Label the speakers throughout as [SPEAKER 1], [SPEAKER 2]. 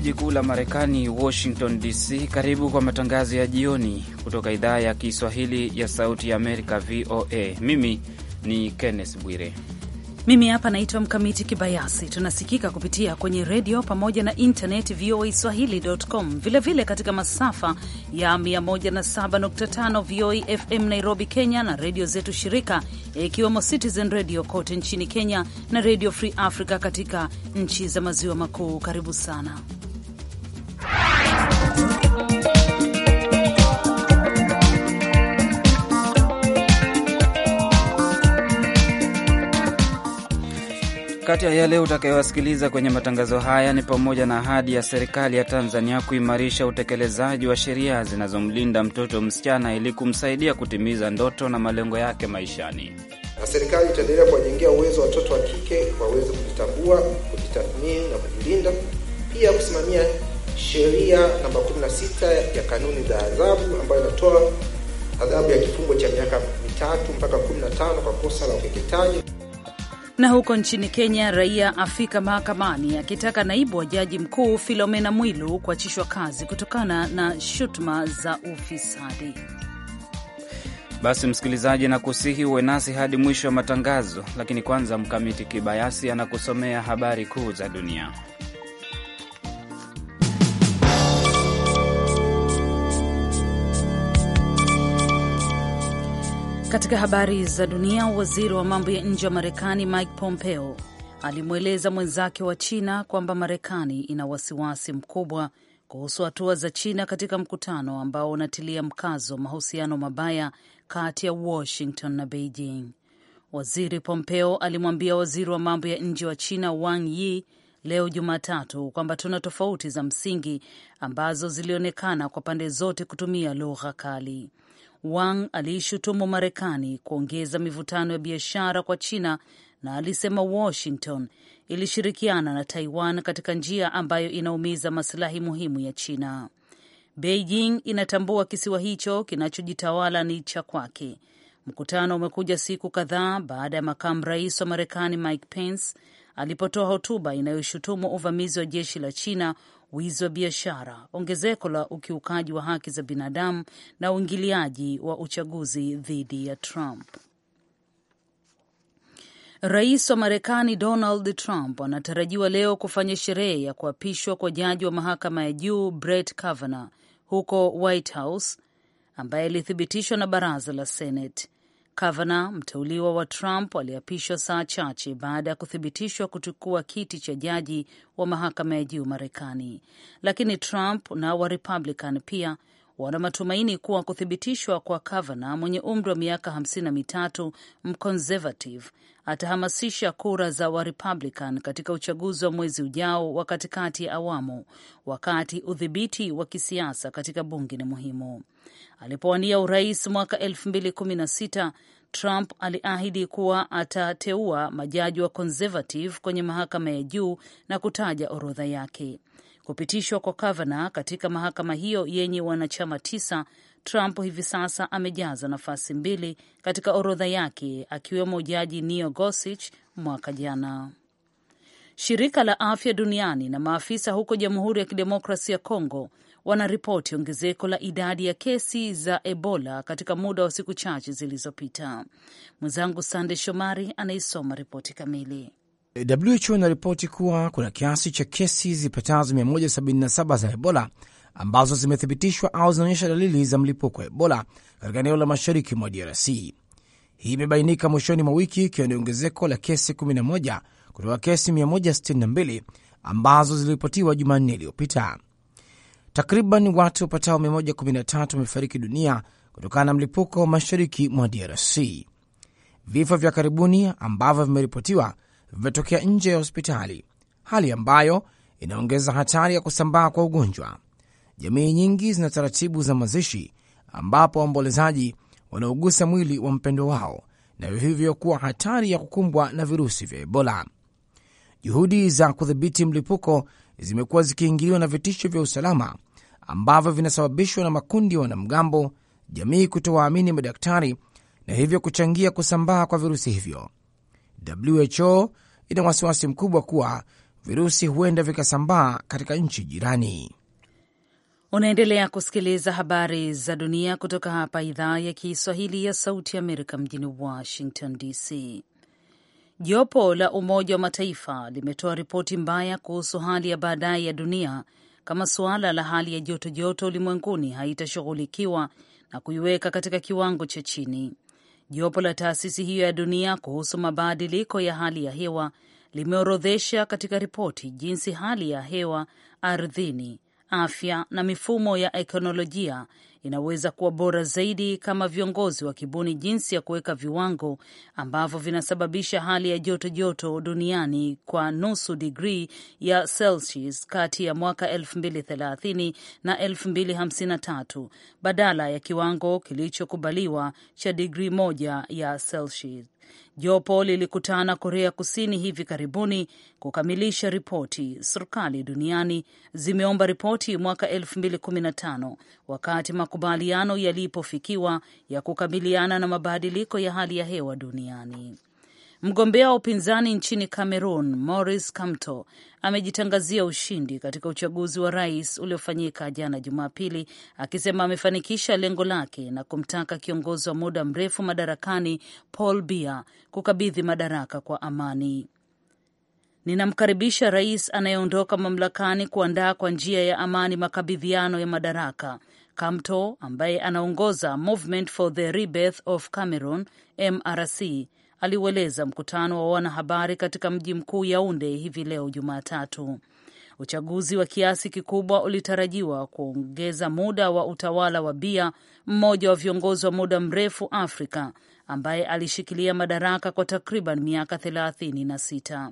[SPEAKER 1] jiji kuu la Marekani, Washington DC. Karibu kwa matangazo ya jioni kutoka idhaa ya Kiswahili ya Sauti ya Amerika, VOA. Mimi ni Kenneth Bwire.
[SPEAKER 2] Mimi hapa naitwa Mkamiti Kibayasi. Tunasikika kupitia kwenye redio pamoja na internet voa swahili.com, vilevile katika masafa ya 107.5 VOA FM Nairobi, Kenya, na redio zetu shirika ikiwemo Citizen Radio kote nchini Kenya na Redio Free Africa katika nchi za maziwa makuu. Karibu sana.
[SPEAKER 1] Kati ya yale utakayowasikiliza kwenye matangazo haya ni pamoja na ahadi ya serikali ya Tanzania kuimarisha utekelezaji wa sheria zinazomlinda mtoto msichana ili kumsaidia kutimiza ndoto na malengo yake maishani.
[SPEAKER 3] Na serikali itaendelea kuwajengea uwezo watoto wa kike waweze kujitambua, kujitathmini na kujilinda, pia kusimamia sheria namba 16 ya kanuni za adhabu ambayo inatoa adhabu ya kifungo cha miaka mitatu mpaka 15 kwa kosa la ukeketaji.
[SPEAKER 2] Na huko nchini Kenya, raia afika mahakamani akitaka naibu wa jaji mkuu Filomena Mwilu kuachishwa kazi kutokana na shutuma za ufisadi.
[SPEAKER 1] Basi msikilizaji, na kusihi uwe nasi hadi mwisho wa matangazo, lakini kwanza Mkamiti Kibayasi anakusomea habari kuu za
[SPEAKER 2] dunia. Katika habari za dunia, waziri wa mambo ya nje wa Marekani Mike Pompeo alimweleza mwenzake wa China kwamba Marekani ina wasiwasi mkubwa kuhusu hatua za China katika mkutano ambao unatilia mkazo mahusiano mabaya kati ya Washington na Beijing. Waziri Pompeo alimwambia waziri wa mambo ya nje wa China Wang Yi leo Jumatatu kwamba tuna tofauti za msingi ambazo zilionekana kwa pande zote kutumia lugha kali. Wang aliishutumu Marekani kuongeza mivutano ya biashara kwa China na alisema Washington ilishirikiana na Taiwan katika njia ambayo inaumiza masilahi muhimu ya China. Beijing inatambua kisiwa hicho kinachojitawala ni cha kwake. Mkutano umekuja siku kadhaa baada ya makamu rais wa Marekani Mike Pence alipotoa hotuba inayoshutumu uvamizi wa jeshi la China wizi wa biashara, ongezeko la ukiukaji wa haki za binadamu na uingiliaji wa uchaguzi dhidi ya Trump. Rais wa Marekani Donald Trump anatarajiwa leo kufanya sherehe ya kuapishwa kwa jaji wa mahakama ya juu Brett Kavanaugh huko White House, ambaye alithibitishwa na baraza la Senate. Kavanaugh, mteuliwa wa Trump, aliapishwa saa chache baada ya kuthibitishwa kuchukua kiti cha jaji wa mahakama ya juu Marekani, lakini Trump na republican pia wana matumaini kuwa kuthibitishwa kwa Kavanaugh mwenye umri wa miaka hamsini na mitatu mconservative atahamasisha kura za Warepublican katika uchaguzi wa mwezi ujao wa katikati ya awamu, wakati udhibiti wa kisiasa katika bunge ni muhimu. Alipowania urais mwaka sita Trump aliahidi kuwa atateua majaji wa conservative kwenye mahakama ya juu na kutaja orodha yake. Kupitishwa kwa Kavanaugh katika mahakama hiyo yenye wanachama tisa, Trump hivi sasa amejaza nafasi mbili katika orodha yake, akiwemo jaji Neil Gorsuch mwaka jana. Shirika la Afya Duniani na maafisa huko Jamhuri ya Kidemokrasia ya Kongo wanaripoti ongezeko la idadi ya kesi za Ebola katika muda wa siku chache zilizopita. Mwenzangu Sande Shomari anaisoma ripoti kamili.
[SPEAKER 4] WHO inaripoti kuwa kuna kiasi cha kesi zipatazo 177 za Ebola ambazo zimethibitishwa au zinaonyesha dalili za mlipuko wa Ebola katika eneo la mashariki mwa DRC. Hii imebainika mwishoni mwa wiki ikiwa ni ongezeko la kesi 11 kutoka kesi 162 ambazo ziliripotiwa Jumanne iliyopita. Takriban watu wapatao 113 wamefariki dunia kutokana na mlipuko wa mashariki mwa DRC. Vifo vya karibuni ambavyo vimeripotiwa vimetokea nje ya hospitali, hali ambayo inaongeza hatari ya kusambaa kwa ugonjwa. Jamii nyingi zina taratibu za mazishi ambapo waombolezaji wanaogusa mwili wa mpendo wao na hivyo kuwa hatari ya kukumbwa na virusi vya Ebola. Juhudi za kudhibiti mlipuko zimekuwa zikiingiliwa na vitisho vya usalama ambavyo vinasababishwa na makundi ya wanamgambo, jamii kutowaamini madaktari na hivyo kuchangia kusambaa kwa virusi hivyo. WHO ina wasiwasi mkubwa kuwa virusi huenda vikasambaa katika nchi jirani.
[SPEAKER 2] Unaendelea kusikiliza habari za dunia kutoka hapa idhaa ya Kiswahili ya Sauti ya Amerika mjini Washington DC. Jopo la Umoja wa Mataifa limetoa ripoti mbaya kuhusu hali ya baadaye ya dunia kama suala la hali ya joto joto ulimwenguni haitashughulikiwa na kuiweka katika kiwango cha chini. Jopo la taasisi hiyo ya dunia kuhusu mabadiliko ya hali ya hewa limeorodhesha katika ripoti jinsi hali ya hewa, ardhini, afya na mifumo ya ekonolojia inaweza kuwa bora zaidi kama viongozi wa kibuni jinsi ya kuweka viwango ambavyo vinasababisha hali ya joto joto duniani kwa nusu digrii ya Celsius kati ya mwaka 2030 na 2053 badala ya kiwango kilichokubaliwa cha digrii moja ya Celsius. Jopo lilikutana Korea Kusini hivi karibuni kukamilisha ripoti. Serikali duniani zimeomba ripoti mwaka 2015 wakati makubaliano yalipofikiwa ya kukabiliana na mabadiliko ya hali ya hewa duniani. Mgombea wa upinzani nchini Cameroon, Maurice Kamto, amejitangazia ushindi katika uchaguzi wa rais uliofanyika jana Jumapili, akisema amefanikisha lengo lake na kumtaka kiongozi wa muda mrefu madarakani Paul Biya kukabidhi madaraka kwa amani. Ninamkaribisha rais anayeondoka mamlakani kuandaa kwa njia ya amani makabidhiano ya madaraka, Kamto ambaye anaongoza Movement for the Rebirth of Cameroon MRC aliueleza mkutano wa wanahabari katika mji mkuu Yaunde hivi leo Jumatatu. Uchaguzi wa kiasi kikubwa ulitarajiwa kuongeza muda wa utawala wa bia mmoja wa viongozi wa muda mrefu Afrika ambaye alishikilia madaraka kwa takriban miaka thelathini na sita.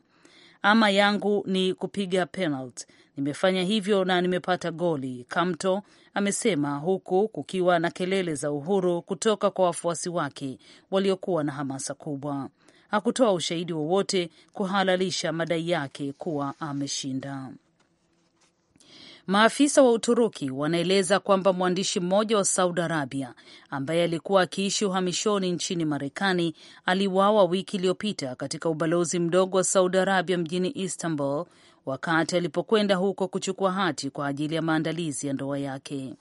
[SPEAKER 2] Ama yangu ni kupiga penalti, nimefanya hivyo na nimepata goli, Kamto amesema huku kukiwa na kelele za uhuru kutoka kwa wafuasi wake waliokuwa na hamasa kubwa. Hakutoa ushahidi wowote kuhalalisha madai yake kuwa ameshinda. Maafisa wa Uturuki wanaeleza kwamba mwandishi mmoja wa Saudi Arabia ambaye alikuwa akiishi uhamishoni nchini Marekani aliuawa wiki iliyopita katika ubalozi mdogo wa Saudi Arabia mjini Istanbul wakati alipokwenda huko kuchukua hati kwa ajili ya maandalizi ya ndoa yake.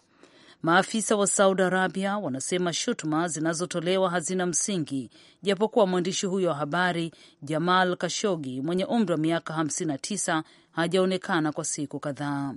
[SPEAKER 2] Maafisa wa Saudi Arabia wanasema shutuma zinazotolewa hazina msingi, japokuwa mwandishi huyo wa habari Jamal Kashogi mwenye umri wa miaka 59 hajaonekana kwa siku kadhaa.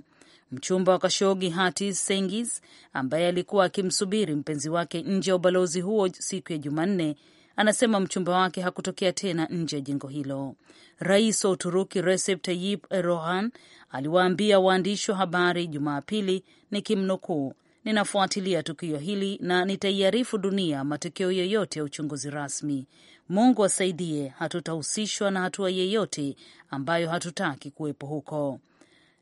[SPEAKER 2] Mchumba wa Kashogi, Hati Sengiz, ambaye alikuwa akimsubiri mpenzi wake nje ya ubalozi huo siku ya Jumanne, anasema mchumba wake hakutokea tena nje ya jengo hilo. Rais wa Uturuki Recep Tayyip Erdogan aliwaambia waandishi wa habari Jumapili nikimnukuu, ninafuatilia tukio hili na nitaiarifu dunia matokeo yoyote ya uchunguzi rasmi. Mungu asaidie, hatutahusishwa na hatua yeyote ambayo hatutaki kuwepo huko.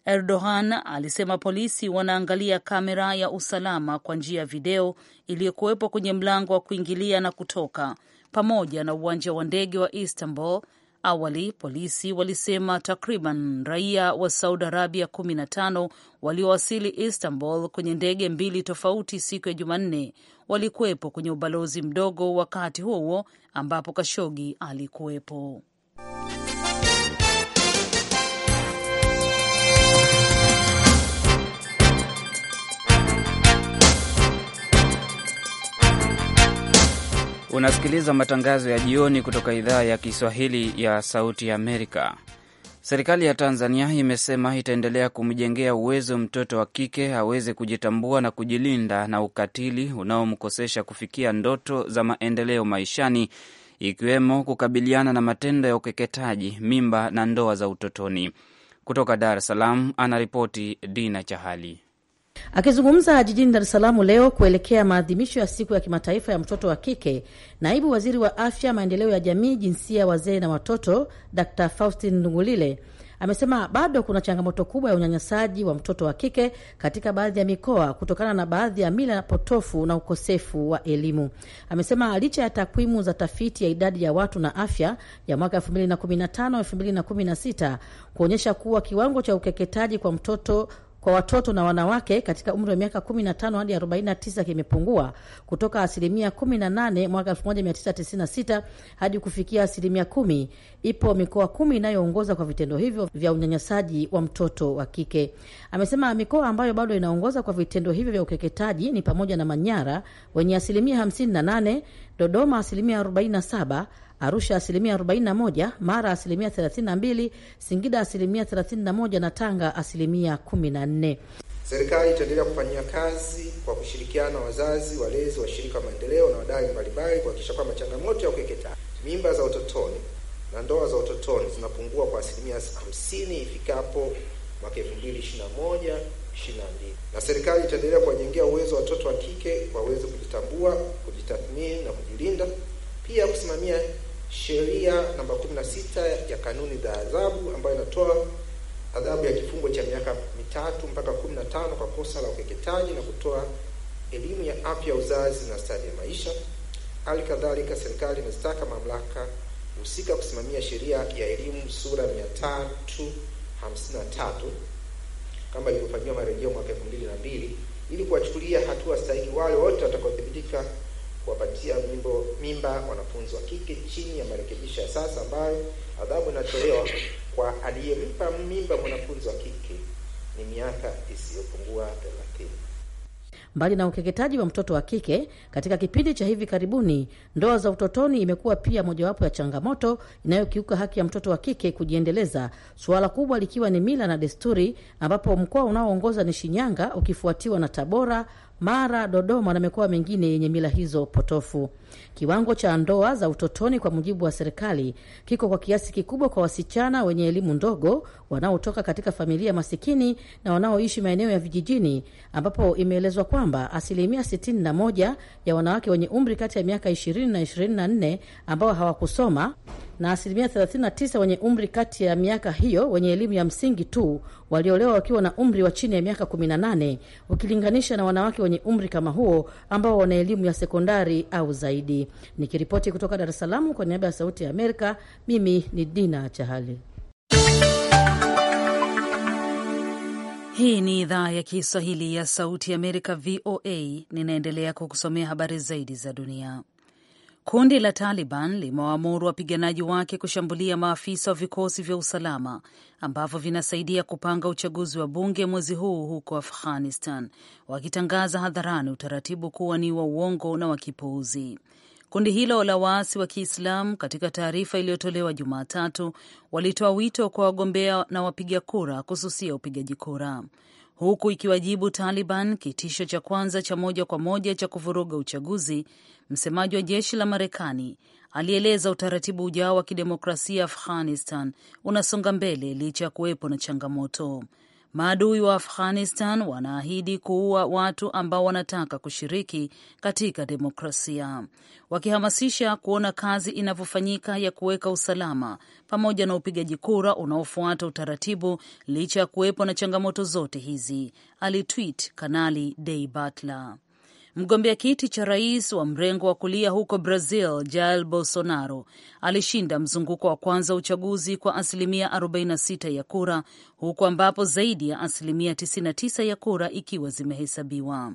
[SPEAKER 2] Erdogan alisema polisi wanaangalia kamera ya usalama kwa njia ya video iliyokuwepo kwenye mlango wa kuingilia na kutoka pamoja na uwanja wa ndege wa Istanbul. Awali polisi walisema takriban raia wa Saudi Arabia 15 waliowasili Istanbul kwenye ndege mbili tofauti siku ya Jumanne walikuwepo kwenye ubalozi mdogo wakati huo huo ambapo Kashogi alikuwepo.
[SPEAKER 1] Unasikiliza matangazo ya jioni kutoka idhaa ya Kiswahili ya Sauti ya Amerika. Serikali ya Tanzania imesema itaendelea kumjengea uwezo mtoto wa kike aweze kujitambua na kujilinda na ukatili unaomkosesha kufikia ndoto za maendeleo maishani, ikiwemo kukabiliana na matendo ya ukeketaji, mimba na ndoa za utotoni. Kutoka Dar es Salaam anaripoti Dina Chahali.
[SPEAKER 5] Akizungumza jijini Dar es Salaam leo kuelekea maadhimisho ya siku ya kimataifa ya mtoto wa kike, naibu waziri wa afya, maendeleo ya jamii, jinsia, wazee na watoto, d Faustin Ndungulile amesema bado kuna changamoto kubwa ya unyanyasaji wa mtoto wa kike katika baadhi ya mikoa kutokana na baadhi ya mila potofu na ukosefu wa elimu. Amesema licha ya takwimu za tafiti ya idadi ya watu na afya ya mwaka 2015 2016 kuonyesha kuwa kiwango cha ukeketaji kwa mtoto kwa watoto na wanawake katika umri wa miaka 15 hadi 49 kimepungua kutoka asilimia 18 mwaka 1996 hadi kufikia asilimia 10. Ipo mikoa kumi inayoongoza kwa vitendo hivyo vya unyanyasaji wa mtoto wa kike. Amesema mikoa ambayo bado inaongoza kwa vitendo hivyo vya ukeketaji ni pamoja na Manyara wenye asilimia 58, Dodoma asilimia 47 Arusha asilimia 41, Mara asilimia 32, Singida asilimia 31 na Tanga asilimia 14.
[SPEAKER 3] Serikali itaendelea kufanyia kazi kwa kushirikiana na wazazi, walezi, washirika wa maendeleo na wadau mbalimbali kuhakikisha kwamba changamoto ya ukeketaji, mimba za utotoni na ndoa za utotoni zinapungua kwa asilimia 50 ifikapo mwaka 2021 22. Na serikali itaendelea kuwajengea uwezo watoto wa kike waweze kujitambua, kujitathmini na kujilinda, pia kusimamia sheria namba 16 ya kanuni za adhabu ambayo inatoa adhabu ya kifungo cha miaka mitatu mpaka 15 kwa kosa la ukeketaji na kutoa elimu ya afya uzazi na stadi ya maisha. Hali kadhalika serikali imezitaka mamlaka husika kusimamia sheria ya elimu sura 353 kama ilivyofanyiwa marejeo mwaka 2002 ili kuwachukulia hatua stahiki wale wote watakaothibitika kuwapatia mimbo mimba wanafunzi wa kike chini ya marekebisho ya sasa ambayo adhabu inatolewa kwa aliyempa mimba mwanafunzi wa kike ni miaka isiyopungua thelathini.
[SPEAKER 5] Mbali na ukeketaji wa mtoto wa kike, katika kipindi cha hivi karibuni, ndoa za utotoni imekuwa pia mojawapo ya changamoto inayokiuka haki ya mtoto wa kike kujiendeleza, suala kubwa likiwa ni mila na desturi, ambapo mkoa unaoongoza ni Shinyanga ukifuatiwa na Tabora, mara, Dodoma na mikoa mingine yenye mila hizo potofu. Kiwango cha ndoa za utotoni kwa mujibu wa serikali kiko kwa kiasi kikubwa kwa wasichana wenye elimu ndogo wanaotoka katika familia masikini na wanaoishi maeneo ya vijijini, ambapo imeelezwa kwamba asilimia 61 ya wanawake wenye umri kati ya miaka 20 na 24 ambao hawakusoma na asilimia 39 wenye umri kati ya miaka hiyo wenye elimu ya msingi tu waliolewa wakiwa na umri wa chini ya miaka 18 ukilinganisha na wanawake wenye umri kama huo ambao wana elimu ya sekondari au zaidi zaidi. Nikiripoti kutoka Dar es Salaam kwa niaba ya Sauti ya Amerika, mimi ni Dina Chahali.
[SPEAKER 2] Hii ni idhaa ya Kiswahili ya Sauti ya Amerika, VOA. Ninaendelea kukusomea habari zaidi za dunia. Kundi la Taliban limewaamuru wapiganaji wake kushambulia maafisa wa vikosi vya usalama ambavyo vinasaidia kupanga uchaguzi wa bunge mwezi huu huko Afghanistan, wakitangaza hadharani utaratibu kuwa ni wa uongo na wa kipuuzi. Kundi hilo la waasi wa Kiislamu katika taarifa iliyotolewa Jumatatu walitoa wito kwa wagombea na wapiga kura kususia upigaji kura huku ikiwajibu Taliban kitisho cha kwanza cha moja kwa moja cha kuvuruga uchaguzi. Msemaji wa jeshi la Marekani alieleza utaratibu ujao wa kidemokrasia Afghanistan unasonga mbele licha ya kuwepo na changamoto. Maadui wa Afghanistan wanaahidi kuua watu ambao wanataka kushiriki katika demokrasia, wakihamasisha kuona kazi inavyofanyika ya kuweka usalama pamoja na upigaji kura unaofuata utaratibu, licha ya kuwepo na changamoto zote hizi, alitwit Kanali Day Butler. Mgombea kiti cha rais wa mrengo wa kulia huko Brazil, Jair Bolsonaro alishinda mzunguko wa kwanza wa uchaguzi kwa asilimia 46 ya kura, huku ambapo zaidi ya asilimia 99 ya kura ikiwa zimehesabiwa.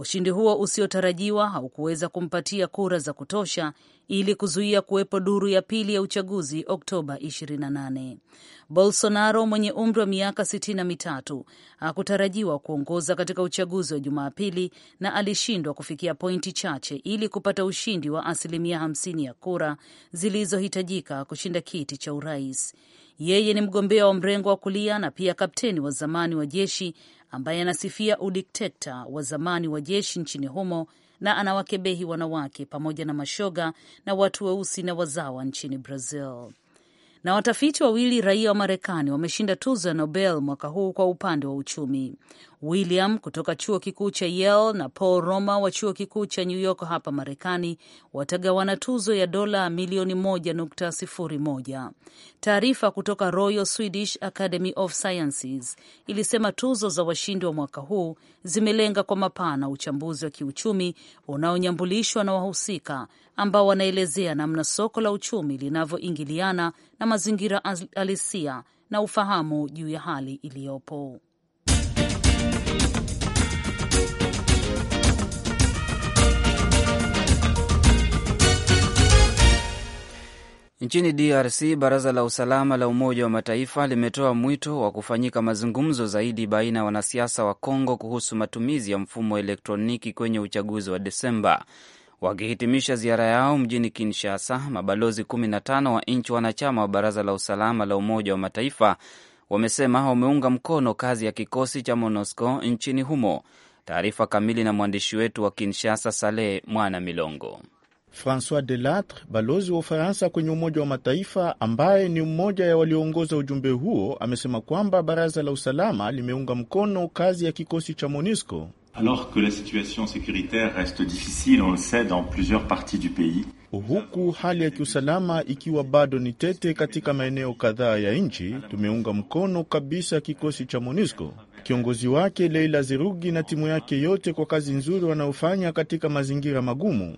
[SPEAKER 2] Ushindi huo usiotarajiwa haukuweza kumpatia kura za kutosha ili kuzuia kuwepo duru ya pili ya uchaguzi Oktoba 28. Bolsonaro mwenye umri wa miaka sitini na mitatu hakutarajiwa kuongoza katika uchaguzi wa Jumapili na alishindwa kufikia pointi chache ili kupata ushindi wa asilimia 50 ya kura zilizohitajika kushinda kiti cha urais. Yeye ni mgombea wa mrengo wa kulia na pia kapteni wa zamani wa jeshi ambaye anasifia udiktekta wa zamani wa jeshi nchini humo na anawakebehi wanawake pamoja na mashoga na watu weusi na wazawa nchini Brazil. Na watafiti wawili raia wa Marekani wameshinda tuzo ya Nobel mwaka huu kwa upande wa uchumi. William kutoka chuo kikuu cha Yale na Paul Roma wa chuo kikuu cha New York hapa Marekani watagawana tuzo ya dola milioni 1.01. Taarifa kutoka Royal Swedish Academy of Sciences ilisema tuzo za washindi wa mwaka huu zimelenga kwa mapana uchambuzi wa kiuchumi unaonyambulishwa na wahusika ambao wanaelezea namna soko la uchumi linavyoingiliana na mazingira alisia na ufahamu juu ya hali iliyopo.
[SPEAKER 1] Nchini DRC, baraza la usalama la Umoja wa Mataifa limetoa mwito wa kufanyika mazungumzo zaidi baina ya wanasiasa wa Kongo kuhusu matumizi ya mfumo wa elektroniki kwenye uchaguzi wa Desemba. Wakihitimisha ziara yao mjini Kinshasa, mabalozi 15 wa nchi wanachama wa baraza la usalama la Umoja wa Mataifa wamesema wameunga mkono kazi ya kikosi cha MONUSCO nchini humo. Taarifa kamili na mwandishi wetu wa Kinshasa, Saleh Mwana Milongo.
[SPEAKER 6] Francois Delattre, balozi wa Ufaransa kwenye Umoja wa Mataifa ambaye ni mmoja ya walioongoza ujumbe huo, amesema kwamba Baraza la Usalama limeunga mkono kazi ya kikosi cha MONUSCO alors que la situation securitaire reste difficile on le sait dans plusieurs parties du pays Huku hali ya kiusalama ikiwa bado ni tete katika maeneo kadhaa ya nchi, tumeunga mkono kabisa kikosi cha MONUSCO, kiongozi wake Leila Zerugi na timu yake yote kwa kazi nzuri wanayofanya katika mazingira magumu.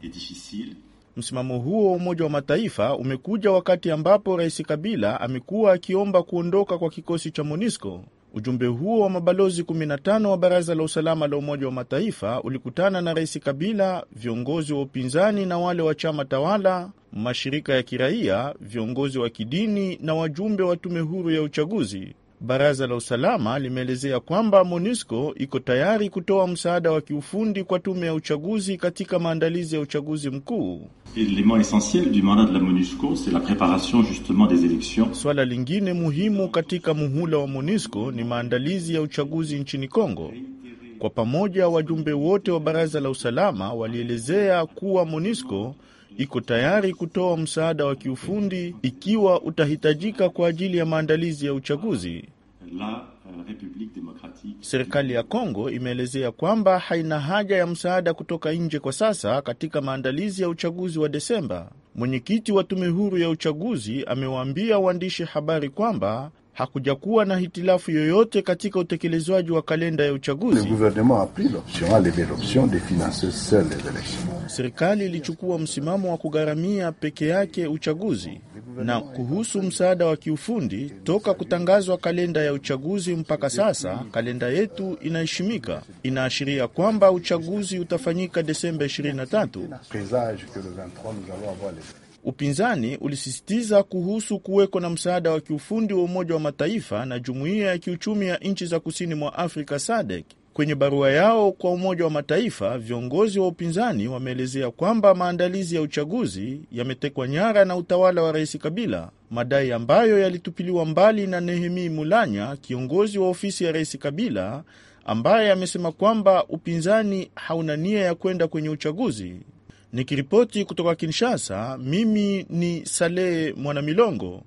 [SPEAKER 6] Msimamo huo wa Umoja wa Mataifa umekuja wakati ambapo Rais Kabila amekuwa akiomba kuondoka kwa kikosi cha MONUSCO. Ujumbe huo wa mabalozi 15 wa Baraza la Usalama la Umoja wa Mataifa ulikutana na Rais Kabila, viongozi wa upinzani na wale wa chama tawala, mashirika ya kiraia, viongozi wa kidini na wajumbe wa tume huru ya uchaguzi Baraza la usalama limeelezea kwamba MONUSCO iko tayari kutoa msaada wa kiufundi kwa tume ya uchaguzi katika maandalizi ya uchaguzi mkuu. Swala lingine muhimu katika muhula wa MONUSCO ni maandalizi ya uchaguzi nchini Kongo. Kwa pamoja, wajumbe wote wa baraza la usalama walielezea kuwa MONUSCO iko tayari kutoa msaada wa kiufundi ikiwa utahitajika kwa ajili ya maandalizi ya uchaguzi. Euh, Serikali ya Kongo imeelezea kwamba haina haja ya msaada kutoka nje kwa sasa katika maandalizi ya uchaguzi wa Desemba. Mwenyekiti wa tume huru ya uchaguzi amewaambia waandishi habari kwamba hakujakuwa na hitilafu yoyote katika utekelezwaji wa kalenda ya uchaguzi. Serikali ilichukua msimamo wa kugharamia peke yake uchaguzi. Na kuhusu msaada wa kiufundi, toka kutangazwa kalenda ya uchaguzi mpaka sasa, kalenda yetu inaheshimika, inaashiria kwamba uchaguzi utafanyika Desemba 23. Upinzani ulisisitiza kuhusu kuweko na msaada wa kiufundi wa Umoja wa Mataifa na Jumuiya ya Kiuchumi ya Nchi za Kusini mwa Afrika SADC. Kwenye barua yao kwa Umoja wa Mataifa, viongozi wa upinzani wameelezea kwamba maandalizi ya uchaguzi yametekwa nyara na utawala wa Rais Kabila, madai ambayo yalitupiliwa mbali na Nehemi Mulanya, kiongozi wa ofisi ya Rais Kabila, ambaye amesema kwamba upinzani hauna nia ya kwenda kwenye uchaguzi Nikiripoti kutoka Kinshasa, mimi ni Saleh Mwanamilongo.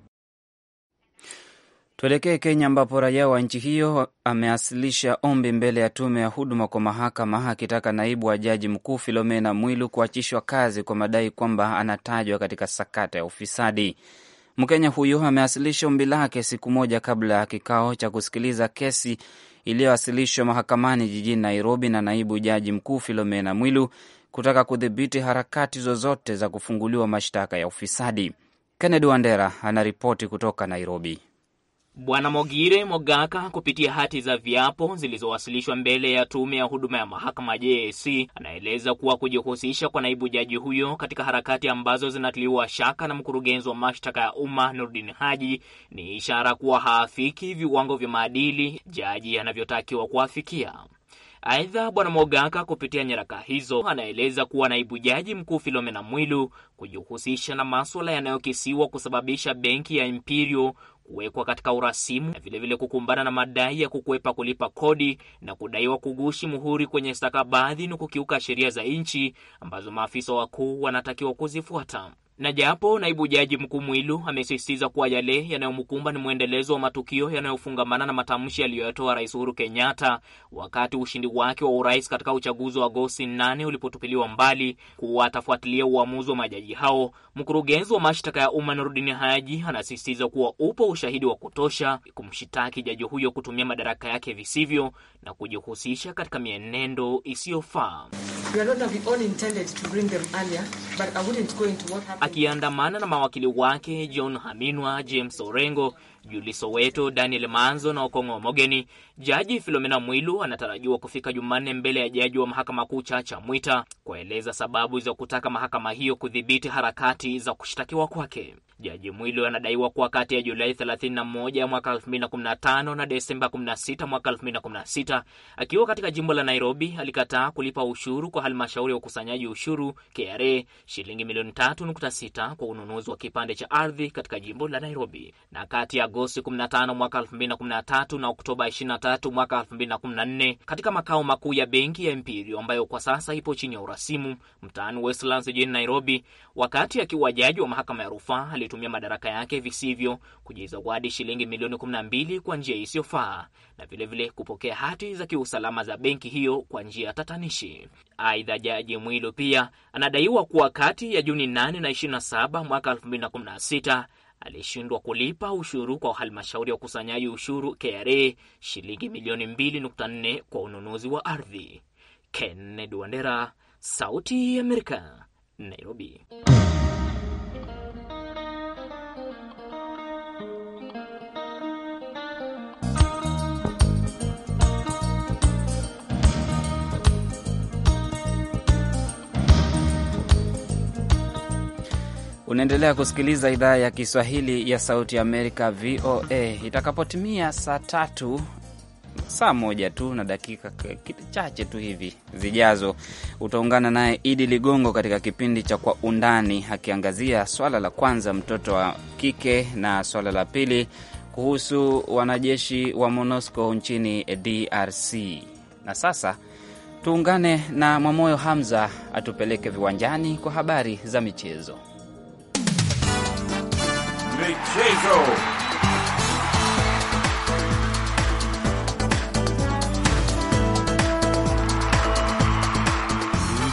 [SPEAKER 6] Tuelekee Kenya ambapo raia wa nchi
[SPEAKER 1] hiyo amewasilisha ombi mbele ya tume ya huduma kwa mahakama akitaka naibu wa jaji mkuu Filomena Mwilu kuachishwa kazi kwa madai kwamba anatajwa katika sakata ya ufisadi. Mkenya huyo amewasilisha ombi lake siku moja kabla ya kikao cha kusikiliza kesi iliyowasilishwa mahakamani jijini Nairobi na naibu jaji mkuu Filomena Mwilu kutaka kudhibiti harakati zozote za kufunguliwa mashtaka ya ufisadi. Kennedy Wandera anaripoti kutoka Nairobi.
[SPEAKER 7] Bwana Mogire Mogaka kupitia hati za viapo zilizowasilishwa mbele ya tume ya huduma ya mahakama JSC anaeleza kuwa kujihusisha kwa naibu jaji huyo katika harakati ambazo zinatiliwa shaka na mkurugenzi wa mashtaka ya umma Nurdin Haji ni ishara kuwa haafiki viwango vya maadili jaji anavyotakiwa kuafikia. Aidha, Bwana Mogaka kupitia nyaraka hizo anaeleza kuwa naibu jaji mkuu Filomena Mwilu kujihusisha na maswala yanayokisiwa kusababisha benki ya Imperial kuwekwa katika urasimu na vilevile kukumbana na madai ya kukwepa kulipa kodi na kudaiwa kugushi muhuri kwenye stakabadhi ni kukiuka sheria za nchi ambazo maafisa wakuu wanatakiwa kuzifuata. Na japo naibu jaji mkuu Mwilu amesisitiza kuwa yale yanayomkumba ni mwendelezo wa matukio yanayofungamana na matamshi aliyoyatoa Rais Uhuru Kenyatta wakati ushindi wake wa urais katika uchaguzi wa Agosti 8 ulipotupiliwa mbali, kuwa atafuatilia uamuzi wa majaji hao, mkurugenzi wa mashtaka ya umma Nurudini Haji anasisitiza kuwa upo ushahidi wa kutosha kumshitaki jaji huyo kutumia madaraka yake visivyo na kujihusisha katika mienendo isiyofaa. Akiandamana na mawakili wake John Haminwa, James Orengo juliso Soweto, Daniel Manzo na Okong'o Omogeni. Jaji filomena Mwilu anatarajiwa kufika Jumanne mbele ya jaji wa mahakama kuu Chacha Mwita kueleza sababu za kutaka mahakama hiyo kudhibiti harakati za kushtakiwa kwake. Jaji Mwilu anadaiwa kuwa kati ya Julai 31 mwaka 2015 na Desemba 16 mwaka 2016, akiwa katika jimbo la Nairobi, alikataa kulipa ushuru kwa halmashauri ya ukusanyaji ushuru KRA shilingi milioni 3.6 kwa ununuzi wa kipande cha ardhi katika jimbo la Nairobi, na kati ya Agosti 15 mwaka 2013 na Oktoba 23 mwaka 2014 katika makao makuu ya benki ya Imperial ambayo kwa sasa ipo chini ya urasimu mtaani Westlands jijini Nairobi. Wakati akiwa jaji wa mahakama ya rufaa, alitumia madaraka yake visivyo, kujizawadi shilingi milioni 12 kwa njia isiyofaa na vilevile kupokea hati za kiusalama za benki hiyo kwa njia tatanishi. Aidha, jaji Mwilu pia anadaiwa kuwa kati ya Juni 8 na 27 mwaka 2016 alishindwa kulipa ushuru kwa halmashauri ya ukusanyaji ushuru KRA shilingi milioni 2.4 kwa ununuzi wa ardhi. Kennedy Wandera, Sauti ya Amerika, Nairobi.
[SPEAKER 1] Unaendelea kusikiliza idhaa ya Kiswahili ya Sauti ya Amerika, VOA. Itakapotimia saa tatu saa moja tu na dakika chache tu hivi zijazo, utaungana naye Idi Ligongo katika kipindi cha Kwa Undani, akiangazia swala la kwanza, mtoto wa kike, na swala la pili kuhusu wanajeshi wa MONUSCO nchini DRC. Na sasa tuungane na Mwamoyo Hamza atupeleke viwanjani kwa habari za michezo. Michezo.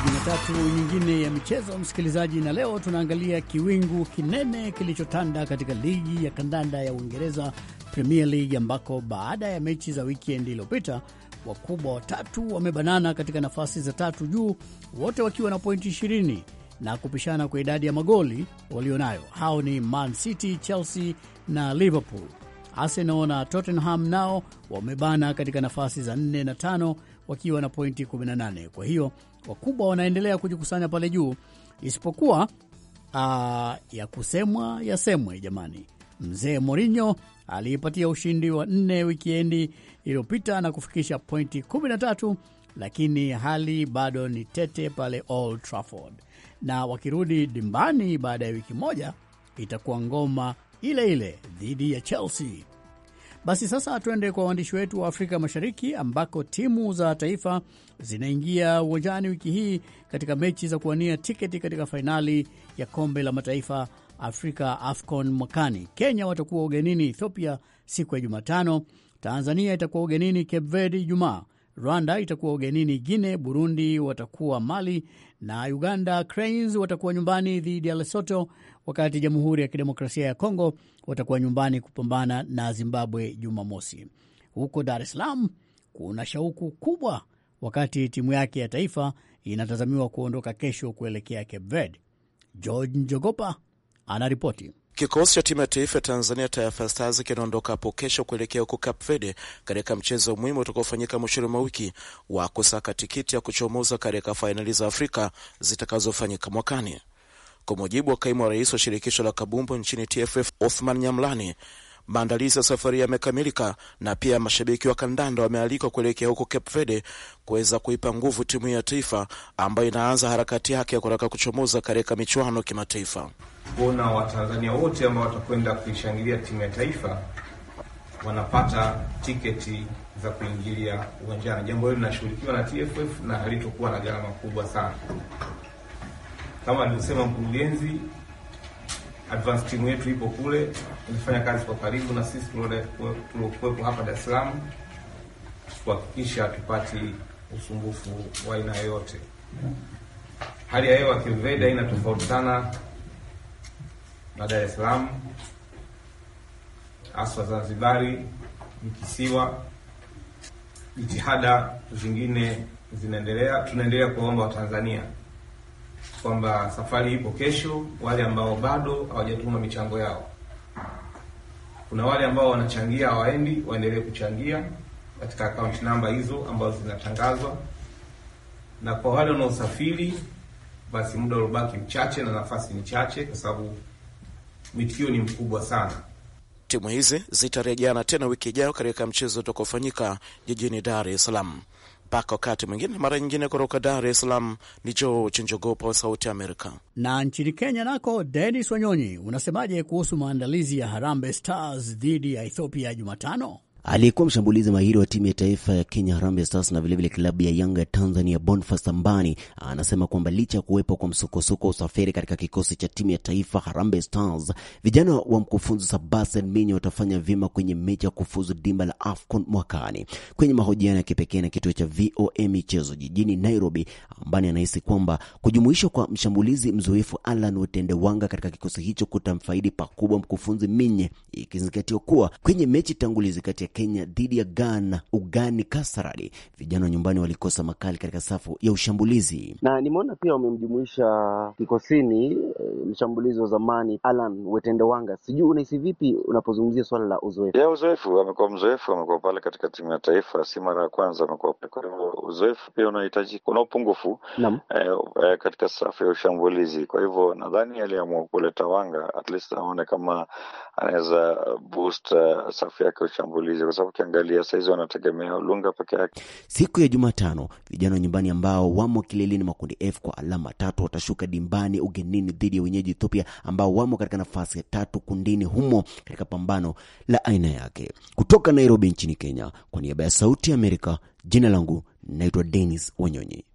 [SPEAKER 8] Jumatatu nyingine ya michezo, msikilizaji, na leo tunaangalia kiwingu kinene kilichotanda katika ligi ya kandanda ya Uingereza, Premier League, ambako baada ya mechi za wikendi iliyopita wakubwa watatu wamebanana katika nafasi za tatu juu, wote wakiwa na pointi 20 na kupishana kwa idadi ya magoli walionayo. Hao ni Man City, Chelsea na Liverpool. Arsenal na Tottenham nao wamebana katika nafasi za 4 na tano wakiwa na pointi 18. Kwa hiyo wakubwa wanaendelea kujikusanya pale juu, isipokuwa aa, ah, ya kusemwa yasemwe, jamani. Mzee Mourinho aliipatia ushindi wa nne wikiendi iliyopita na kufikisha pointi 13, lakini hali bado ni tete pale Old Trafford na wakirudi dimbani baada ya wiki moja itakuwa ngoma ile ile dhidi ya Chelsea. Basi sasa tuende kwa waandishi wetu wa Afrika Mashariki ambako timu za taifa zinaingia uwanjani wiki hii katika mechi za kuwania tiketi katika fainali ya kombe la mataifa Afrika, AFCON mwakani. Kenya watakuwa ugenini Ethiopia siku ya Jumatano. Tanzania itakuwa ugenini Cape Verde Ijumaa, Rwanda itakuwa ugenini Guine, Burundi watakuwa Mali na Uganda Cranes watakuwa nyumbani dhidi ya Lesoto, wakati Jamhuri ya Kidemokrasia ya Kongo watakuwa nyumbani kupambana na Zimbabwe Jumamosi. Huko Dar es Salaam kuna shauku kubwa, wakati timu yake ya taifa inatazamiwa kuondoka kesho kuelekea Cape Verde. George Njogopa anaripoti.
[SPEAKER 6] Kikosi cha timu ya taifa ya Tanzania, Taifa Stars, kinaondoka hapo kesho kuelekea huko Cape Verde katika mchezo muhimu utakaofanyika mwishoni mwa wiki wa kusaka tikiti ya kuchomoza katika fainali za Afrika zitakazofanyika mwakani. Kwa mujibu wa kaimu wa rais wa shirikisho la kabumbu nchini TFF Othman Nyamlani, Maandalizi ya safari yamekamilika na pia mashabiki wa kandanda wamealikwa kuelekea huko Cape Verde kuweza kuipa nguvu timu ya taifa ambayo inaanza harakati yake ya kutaka kuchomoza katika michuano kimataifa.
[SPEAKER 9] Kuona Watanzania wote ambao watakwenda kuishangilia timu ya taifa wanapata tiketi za kuingilia uwanjani. Jambo hilo linashughulikiwa na TFF na halitokuwa na gharama kubwa sana. Kama alivyosema mkurugenzi, advance team yetu ipo kule inafanya kazi kwa karibu na sisi tuliokuwepo hapa Dar es Salaam kuhakikisha tupati usumbufu wa aina yoyote. Hali ya hewa Kimveda ina tofauti sana na Dar es Salaam, haswa Zanzibari ni kisiwa. Jitihada zingine zinaendelea, tunaendelea kuwaomba Watanzania kwamba safari ipo kesho. Wale ambao bado hawajatuma michango yao, kuna wale ambao wanachangia hawaendi, waendelee kuchangia katika account namba hizo ambazo zinatangazwa, na kwa wale wanaosafiri, basi muda uliobaki mchache na nafasi ni chache, kwa sababu mitikio ni mkubwa sana.
[SPEAKER 6] Timu hizi zitarejeana tena wiki ijayo katika mchezo utakaofanyika jijini Dar es Salaam. Mpaka wakati mwingine, mara nyingine. Kutoka Dar es Salaam ni joo Njogopa wa Sauti ya Amerika.
[SPEAKER 8] Na nchini Kenya nako, Denis Wanyonyi, unasemaje kuhusu maandalizi ya Harambee Stars dhidi ya Ethiopia Jumatano?
[SPEAKER 10] Aliyekuwa mshambulizi mahiri wa timu ya taifa ya Kenya Harambee Stars na vilevile klabu ya Yanga ya Tanzania Boniface Ambani anasema kwamba licha ya kuwepo kwa msukosuko wa usafiri katika kikosi cha timu ya taifa Harambee Stars, vijana wa mkufunzi Sebastian Minyo watafanya vyema kwenye mechi ya kufuzu dimba la AFCON mwakani. Kwenye mahojiano ya kipekee na kituo cha VOA michezo jijini Nairobi, Ambani anahisi kwamba kujumuishwa kwa mshambulizi mzoefu Alan Otendewanga katika kikosi hicho kutamfaidi pakubwa mkufunzi Minye, ikizingatiwa kuwa kwenye mechi tangulizi kati ya Kenya dhidi ya Ghana ugani Kasarani, vijana wa nyumbani walikosa makali katika safu ya ushambulizi, na nimeona pia wamemjumuisha kikosini eh, mshambulizi wa zamani Alan Wetendowanga. Sijui unahisi vipi unapozungumzia swala la uzoefu?
[SPEAKER 6] Ya uzoefu, amekuwa mzoefu, amekuwa pale katika timu ya taifa, si mara ya kwanza amekuwa. Kwa hivyo uzoefu pia unahitaji, kuna upungufu eh, eh, katika safu ya ushambulizi. Kwa hivyo nadhani aliamua kuleta Wanga, at least aone kama anaweza boost uh, safu yake ya ushambulizi hizi, kwa sababu ukiangalia saa wanategemea Olunga peke yake.
[SPEAKER 10] Siku ya Jumatano, vijana wa nyumbani ambao wamo kileleni makundi F kwa alama tatu watashuka dimbani ugenini dhidi ya wenyeji Ethiopia ambao wamo katika nafasi ya tatu kundini humo katika pambano la aina yake. Kutoka Nairobi nchini Kenya, kwa niaba ya Sauti ya Amerika, jina langu naitwa Denis Wanyonyi.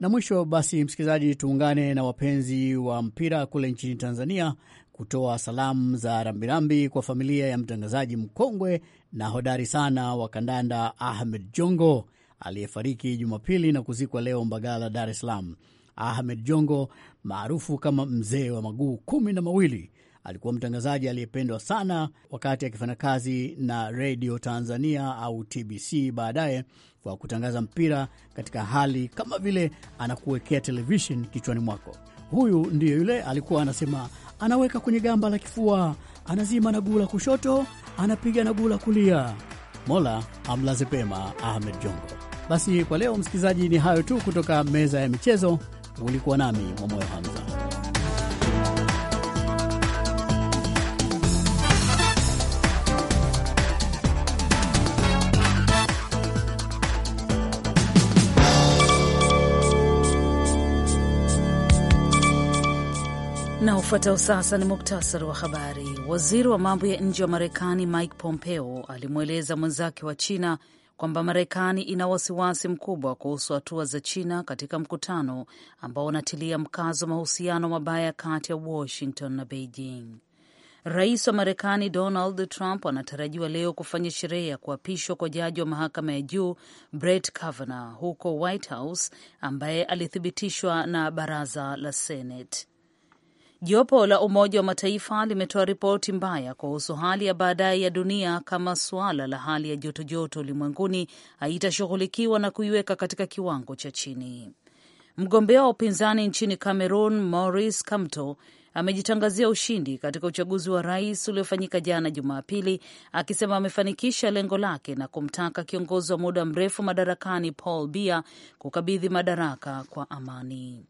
[SPEAKER 8] Na mwisho basi, msikilizaji, tuungane na wapenzi wa mpira kule nchini Tanzania kutoa salamu za rambirambi kwa familia ya mtangazaji mkongwe na hodari sana wa kandanda Ahmed Jongo aliyefariki Jumapili na kuzikwa leo Mbagala, Dar es Salaam. Ahmed Jongo maarufu kama mzee wa maguu kumi na mawili alikuwa mtangazaji aliyependwa sana wakati akifanya kazi na redio Tanzania au TBC, baadaye kwa kutangaza mpira katika hali kama vile anakuwekea televishen kichwani mwako. Huyu ndiyo yule alikuwa anasema, anaweka kwenye gamba la kifua, anazima na guu la kushoto, anapiga na guu la kulia. Mola amlaze pema Ahmed Jongo. Basi kwa leo, msikilizaji, ni hayo tu kutoka meza ya michezo. Ulikuwa nami Mwamoyo Hamza.
[SPEAKER 2] Na ufuatao sasa ni muktasari wa habari. Waziri wa mambo ya nje wa Marekani Mike Pompeo alimweleza mwenzake wa China kwamba Marekani ina wasiwasi mkubwa kuhusu hatua za China katika mkutano ambao unatilia mkazo mahusiano mabaya kati ya Washington na Beijing. Rais wa Marekani Donald Trump anatarajiwa leo kufanya sherehe ya kuapishwa kwa jaji wa mahakama ya juu Brett Kavanaugh huko White House, ambaye alithibitishwa na baraza la Senate. Jopo la Umoja wa Mataifa limetoa ripoti mbaya kuhusu hali ya baadaye ya dunia kama suala la hali ya jotojoto ulimwenguni haitashughulikiwa na kuiweka katika kiwango cha chini. Mgombea wa upinzani nchini Cameroon, Maurice Kamto, amejitangazia ushindi katika uchaguzi wa rais uliofanyika jana Jumapili, akisema amefanikisha lengo lake na kumtaka kiongozi wa muda mrefu madarakani Paul Biya kukabidhi madaraka kwa amani.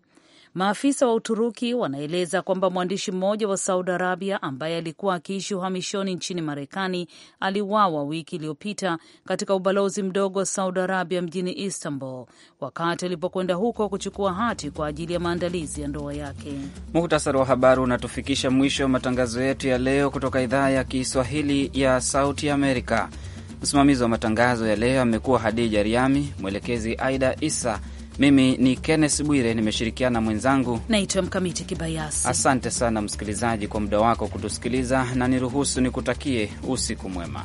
[SPEAKER 2] Maafisa wa Uturuki wanaeleza kwamba mwandishi mmoja wa Saudi Arabia ambaye alikuwa akiishi uhamishoni nchini Marekani aliuawa wiki iliyopita katika ubalozi mdogo wa Saudi Arabia mjini Istanbul wakati alipokwenda huko kuchukua hati kwa ajili ya maandalizi ya ndoa yake.
[SPEAKER 1] Muhtasari wa habari unatufikisha mwisho wa matangazo yetu ya leo kutoka idhaa ya Kiswahili ya Sauti Amerika. Msimamizi wa matangazo ya leo amekuwa Hadija Riami, mwelekezi Aida Isa. Mimi ni Kenneth Bwire, nimeshirikiana na mwenzangu
[SPEAKER 2] naitwa Mkamiti Kibayasi.
[SPEAKER 1] Asante sana msikilizaji kwa muda wako kutusikiliza, na niruhusu nikutakie usiku mwema.